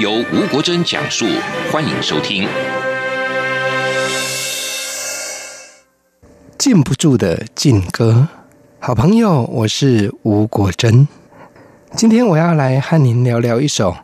由吳國珍講述，歡迎收聽。禁不住的禁歌，好朋友，我是吳國珍。今天我要來和您聊聊一首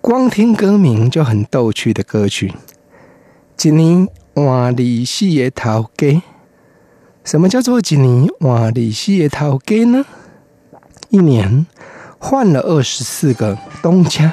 光聽歌名就很逗趣的歌曲《一年換二四個頭家》。什麼叫做一年換二四個頭家呢？一年換了二十四個東家。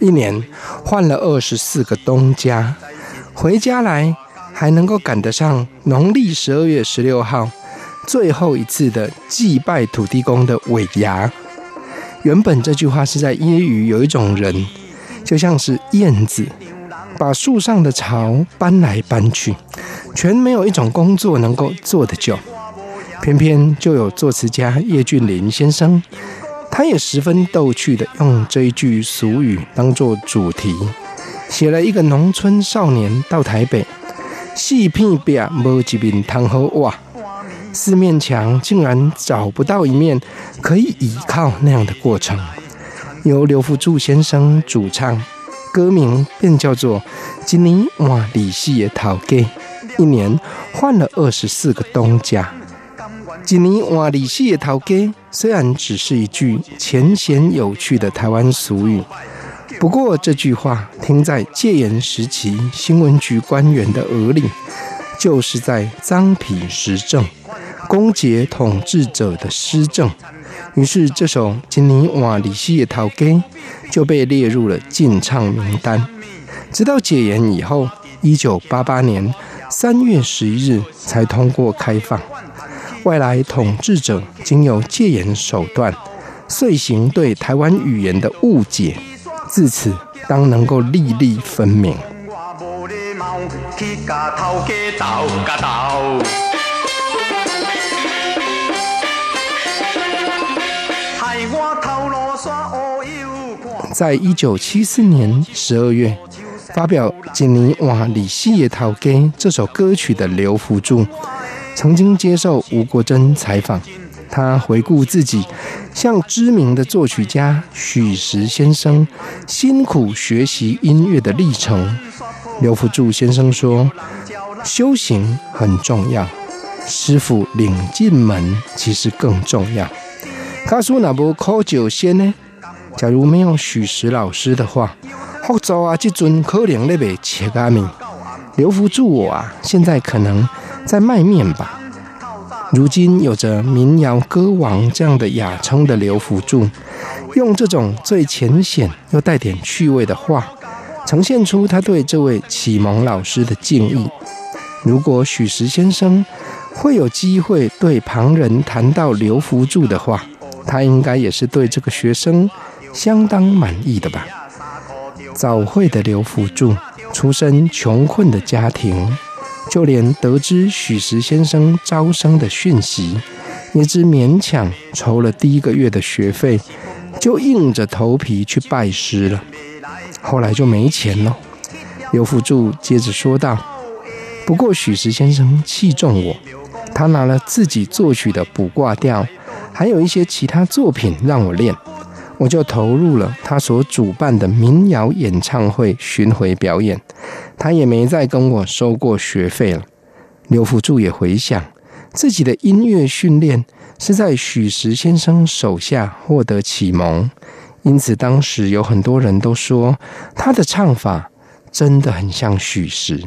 一年換了二十四個東家，回家來還能夠趕得上農曆十二月十六號最後一次的祭拜土地公的尾牙。原本這句話是在揶揄有一種人，就像是燕子，把樹上的巢搬來搬去，全沒有一種工作能夠做得久，偏偏就有作詞家葉俊麟先生。他也十分逗趣的用這一句俗語當做主題，寫了一個農村少年到台北，四片壁無一面通好倚，四面牆竟然找不到一面可以倚靠那樣的過程。由劉福助先生主唱，歌名便叫做《一年換二十四個頭家》，一年換了二十四個東家。一年換二四個頭家雖然只是一句淺顯有趣的台灣俗語，不過這句話聽在戒嚴時期新聞局官員的耳裡，就是在臧否時政，攻訐統治者的施政。於是這首一年換二四個頭家就被列入了禁唱名單，直到解嚴以後，一九八八年三月十一日才通過開放。外來統治者經由戒嚴手段，遂行對台灣語言的誤解。自此，當能夠歷歷分明。 在一九七四年十二月，發表《一年換二十四個頭家》這首歌曲的劉福助。曾經接受吳國珍採訪，他回顧自己向知名的作曲家許石先生辛苦學習音樂的歷程。劉福助先生說：“修行很重要，師傅領進門，其實更重要。”“他說那不考九仙呢？假如沒有許石老師的話，福州啊，這尊可能那未切阿米。”劉福助我啊，現在可能。在賣麵吧。如今有着「民謠歌王」這樣的雅稱的劉福助，用這種最淺顯又帶點趣味的話，呈現出他對這位啟蒙老師的敬意。如果許石先生會有機會對旁人談到劉福助的話，他應該也是對這個學生相當滿意的吧。早慧的劉福助出身窮困的家庭。就連得知許石先生招生的訊息，也只勉強籌了第一個月的學費，就硬着頭皮去拜師了。後來就沒錢了。劉福助接着說道：“不過許石先生器重我，他拿了自己作曲的卜卦調，還有一些其他作品讓我練，我就投入了他所主辦的民謠演唱會巡回表演。”他也沒再跟我收過學費了。劉福助也回想，自己的音樂訓練是在許石先生手下獲得啟蒙，因此當時有很多人都說他的唱法真的很像許石。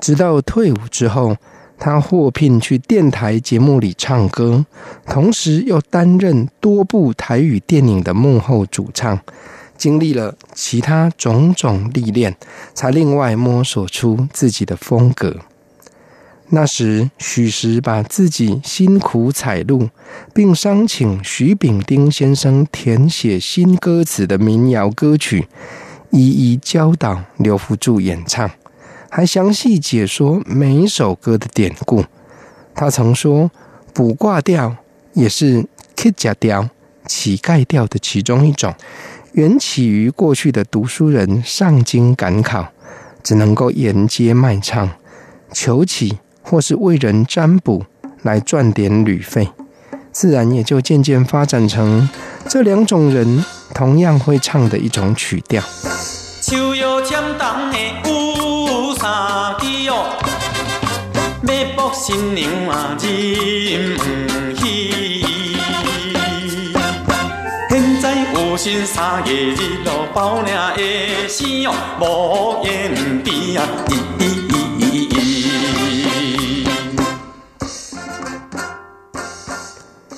直到退伍之後，他獲聘去電台節目裡唱歌，同時又擔任多部台語電影的幕後主唱。經歷了其他種種歷練，才另外摸索出自己的風格。那時，許石把自己辛苦採錄並商請許丙丁先生填寫新歌詞的民謠歌曲，一一教導劉福助演唱，還詳細解說每一首歌的典故。他曾說：“卜卦調也是乞食調、乞丐調的其中一種。”緣起於過去的讀書人上京趕考，只能夠沿街賣唱、求乞，或是為人占卜來賺點旅費，自然也就漸漸發展成這兩種人同樣會唱的一種曲調。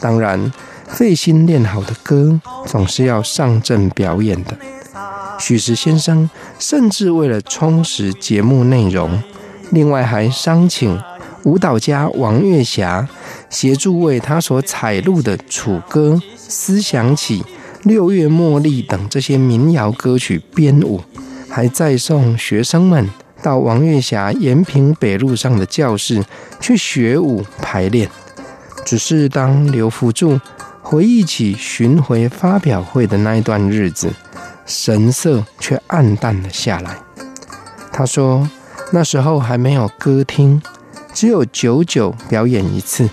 當然，費心練好的歌總是要上陣表演的。許石先生甚至為了充實節目內容，另外還商請舞蹈家王月霞協助為他所採錄的楚歌思想起。六月茉莉等這些民謠歌曲編舞，還在送學生們到王月霞延平北路上的教室去學舞排練。只是當劉福助回憶起巡回發表會的那一段日子，神色卻黯淡了下來。他說：“那時候還沒有歌廳，只有久久表演一次，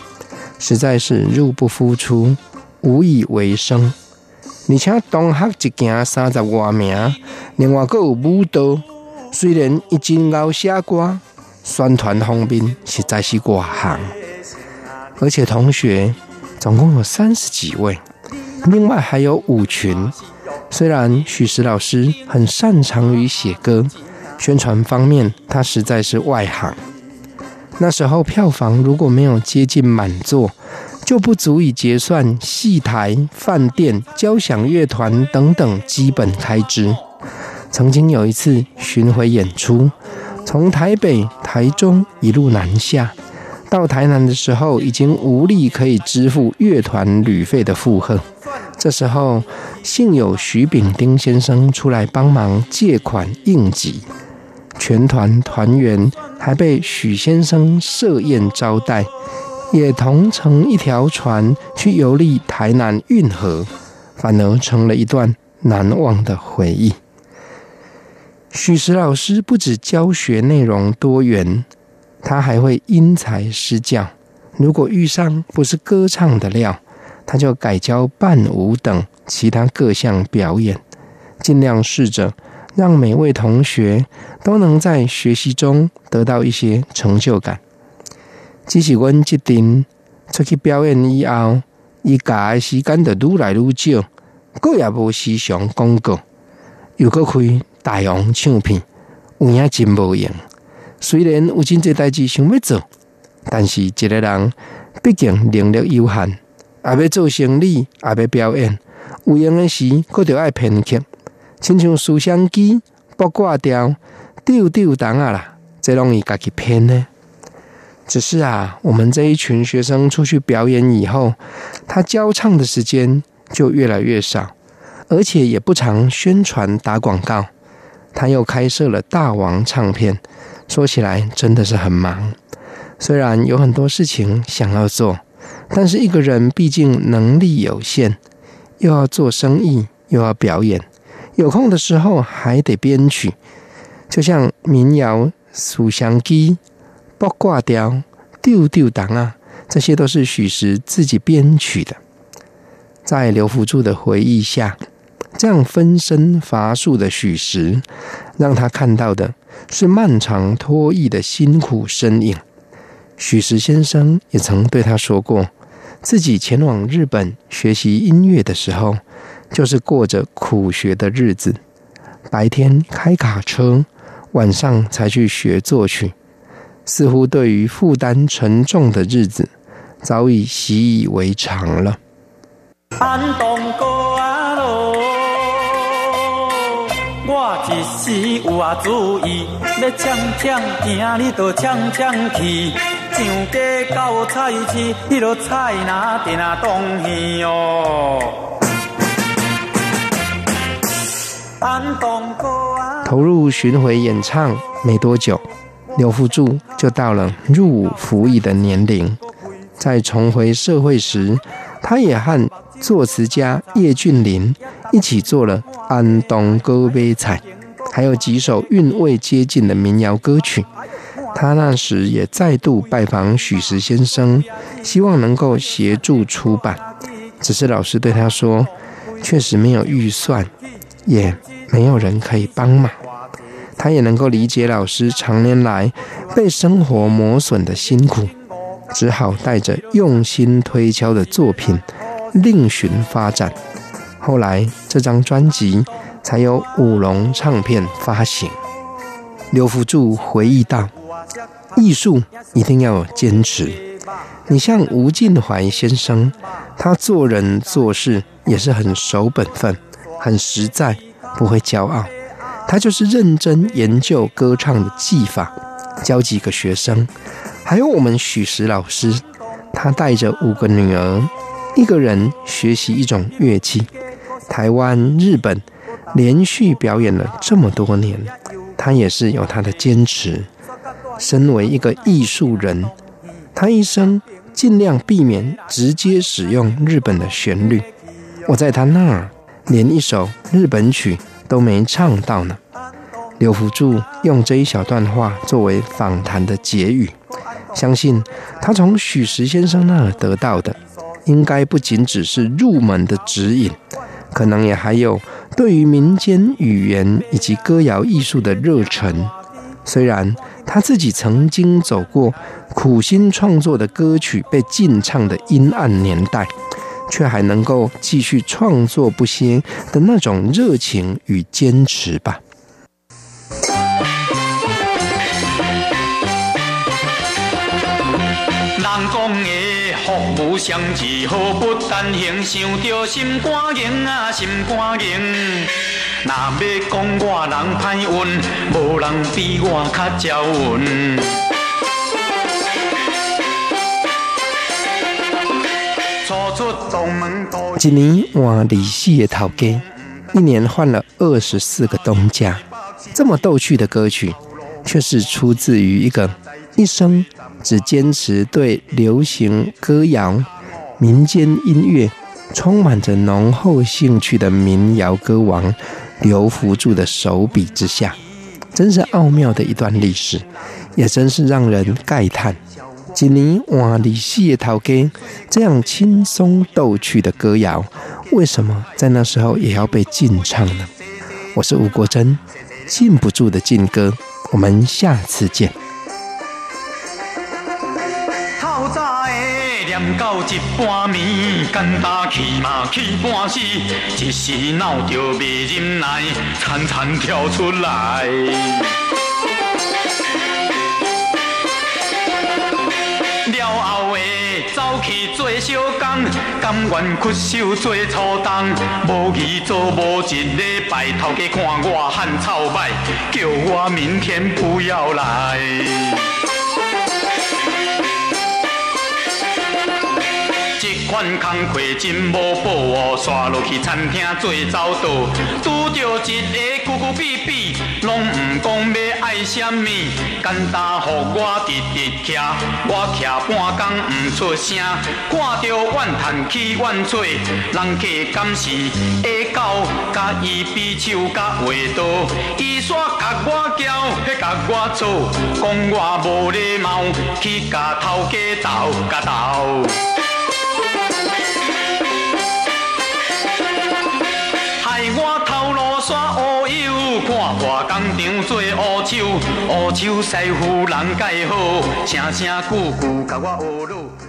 實在是入不敷出，無以為生。”而且同學一行三十多名，另外還有舞蹈。雖然已經老下歌，宣傳紅兵實在是外行。而且同學總共有三十幾位，另外還有舞群。雖然許石老師很擅長於寫歌，宣傳方面他實在是外行。那時候票房如果沒有接近滿座。就不足以結算戲臺、飯店、交響樂團等等基本開支。曾經有一次巡迴演出，從台北、台中一路南下，到台南的時候，已經無力可以支付樂團旅費的負荷。這時候，幸有許丙丁先生出來幫忙借款應急，全團團員還被許先生設宴招待。也同乘一條船去遊歷台南運河，反而成了一段難忘的回憶。許石老師不止教學內容多元，他還會因材施教。如果遇上不是歌唱的料，他就改教伴舞等其他各項表演，盡量試着讓每位同學都能在學習中得到一些成就感。只是阮即陣出去表演以後，伊教誒時間著愈來愈少，擱也無時常講告，又擱開大揚唱片，有影真無用。雖然有真濟代誌想要做，但是一個人畢竟能力有限，啊要做生理，啊，要表演，有用誒時擱著愛編客，親像思想機、八卦調、丟丟銅啊啦，最容易家己編呢。只是啊，我們這一群學生出去表演以後，他教唱的時間就越來越少，而且也不常宣傳打廣告。他又開設了大王唱片，說起來真的是很忙。雖然有很多事情想要做，但是一個人畢竟能力有限，又要做生意，又要表演，有空的時候還得編曲。就像民謠《思想起》。卜卦調，丟丟銅啊！這些都是許石自己編曲的。在劉福助的回憶下，這樣分身乏術的許石，讓他看到的是漫長脫役的辛苦身影。許石先生也曾對他說過，自己前往日本學習音樂的時候，就是過着苦學的日子，白天開卡車，晚上才去學作曲。似乎對於負擔沉重的日子，早已習以為常了。投入巡迴演唱沒多久，劉福柱就到了入伍服役的年齡，在重回社會時，他也和作詞家葉俊麟一起做了《安童哥買菜》，還有幾首韻味接近的民謠歌曲。他那時也再度拜訪許石先生，希望能夠協助出版，只是老師對他說，確實沒有預算，也沒有人可以幫忙。他也能夠理解老師常年來被生活磨損的辛苦，只好帶着用心推敲的作品另尋發展。後來這張專輯才由五龍唱片發行。劉福助回憶道：“藝術一定要有堅持。你像吳晉淮先生，他做人做事也是很守本分、很實在，不會驕傲。”他就是認真研究歌唱的技法，教幾個學生。還有我們許石老師，他帶着五個女兒，一個人學習一種樂器。台灣、日本連續表演了這麼多年，他也是有他的堅持。身為一個藝術人，他一生盡量避免直接使用日本的旋律。我在他那兒連一首日本曲。都沒唱到呢。劉福助用這一小段話作為訪談的結語，相信他從許石先生那兒得到的，應該不僅只是入門的指引，可能也還有對於民間語言以及歌謠藝術的熱忱。雖然他自己曾經走過苦心創作的歌曲被禁唱的陰暗年代，卻還能夠繼續創作不息的那種熱情與堅持吧。人講的福無雙至，禍不單行，想到心肝硬啊，心肝硬。若要講我人歹運，無人比我較招運。今年萬里戲的頭家，一年換了二十四個東家。這麼逗趣的歌曲，卻是出自於一個一生只堅持對流行歌謠、民間音樂充滿着濃厚興趣的民謠歌王劉福助的手筆之下，真是奧妙的一段歷史，也真是讓人慨嘆。一年換二十四個頭家，這樣輕鬆逗趣的歌謠，為什麼在那時候也要被禁唱呢？我是吳國珍，禁不住的禁歌，我們下次見。早走去做小工，甘願屈手做粗重，無意做無一禮拜，頭家看我汗臭邁，叫我明天不要來。款工課真無步哦，刷落去餐廳做走道，拄着一個曲曲比比，攏唔講要愛啥物，簡單互我直直徛，我徛半工唔出聲，看到怨嘆氣怨嘴，人客敢是下到，甲伊比手甲畫刀，伊煞甲我教，還甲我做，講我無禮貌，去甲頭家斗甲斗。烏秋師傅人介好，聲聲句句甲我學。